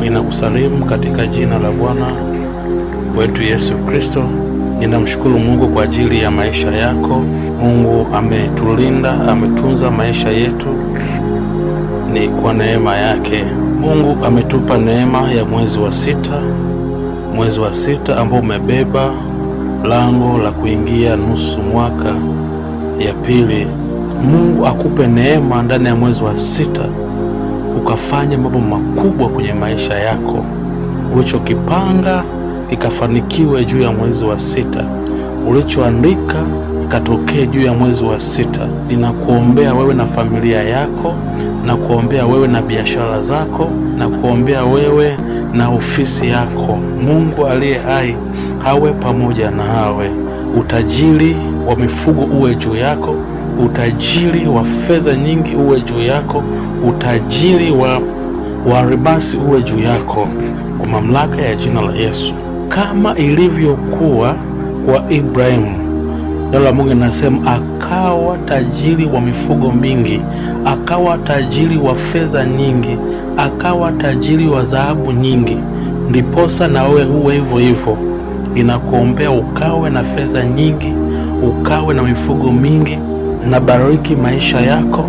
Ninakusalimu katika jina la Bwana wetu Yesu Kristo. Ninamshukuru Mungu kwa ajili ya maisha yako. Mungu ametulinda, ametunza maisha yetu, ni kwa neema yake. Mungu ametupa neema ya mwezi wa sita, mwezi wa sita ambao umebeba lango la kuingia nusu mwaka ya pili. Mungu akupe neema ndani ya mwezi wa sita ukafanya mambo makubwa kwenye maisha yako, ulichokipanga kikafanikiwe juu ya mwezi wa sita, ulichoandika katokee juu ya mwezi wa sita. Ninakuombea wewe na familia yako, na kuombea wewe na biashara zako, na kuombea wewe na ofisi yako. Mungu aliye hai awe pamoja na hawe utajiri wa mifugo uwe juu yako utajiri wa fedha nyingi uwe juu yako, utajiri wa waribasi uwe juu yako, kwa mamlaka ya jina la Yesu, kama ilivyokuwa kwa Ibrahimu. Neno la Mungu linasema akawa tajiri wa mifugo mingi, akawa tajiri wa fedha nyingi, akawa tajiri wa dhahabu nyingi. Ndiposa na wewe uwe hivyo hivyo, inakuombea ukawe na fedha nyingi, ukawe na mifugo mingi nabariki maisha yako,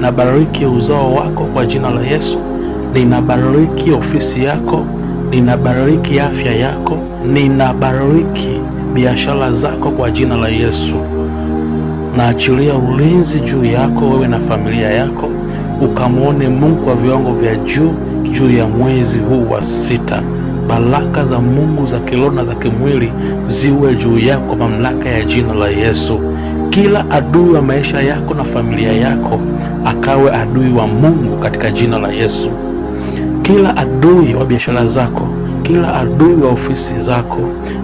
nabariki uzao wako kwa jina la Yesu. Ninabariki ofisi yako, ninabariki afya yako, ninabariki biashara zako kwa jina la Yesu. Naachilia ulinzi juu yako wewe na familia yako, ukamwone Mungu kwa viwango vya juu juu ya mwezi huu wa sita. Baraka za Mungu za kiroho na za kimwili ziwe juu yako, mamlaka ya jina la Yesu kila adui wa maisha yako na familia yako akawe adui wa Mungu katika jina la Yesu. Kila adui wa biashara zako, kila adui wa ofisi zako,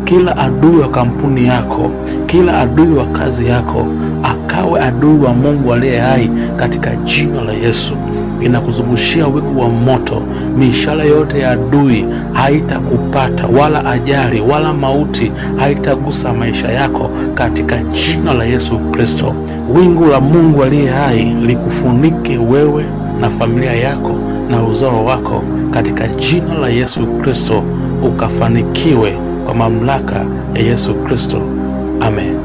kila adui wa kampuni yako, kila adui wa kazi yako akawe adui wa Mungu aliye hai katika jina la Yesu inakuzungushia wigu wa moto. Mishale yote ya adui haitakupata, wala ajali wala mauti haitagusa maisha yako katika jina la Yesu Kristo. Wingu la Mungu aliye hai likufunike wewe na familia yako na uzao wako katika jina la Yesu Kristo, ukafanikiwe kwa mamlaka ya Yesu Kristo. Amen.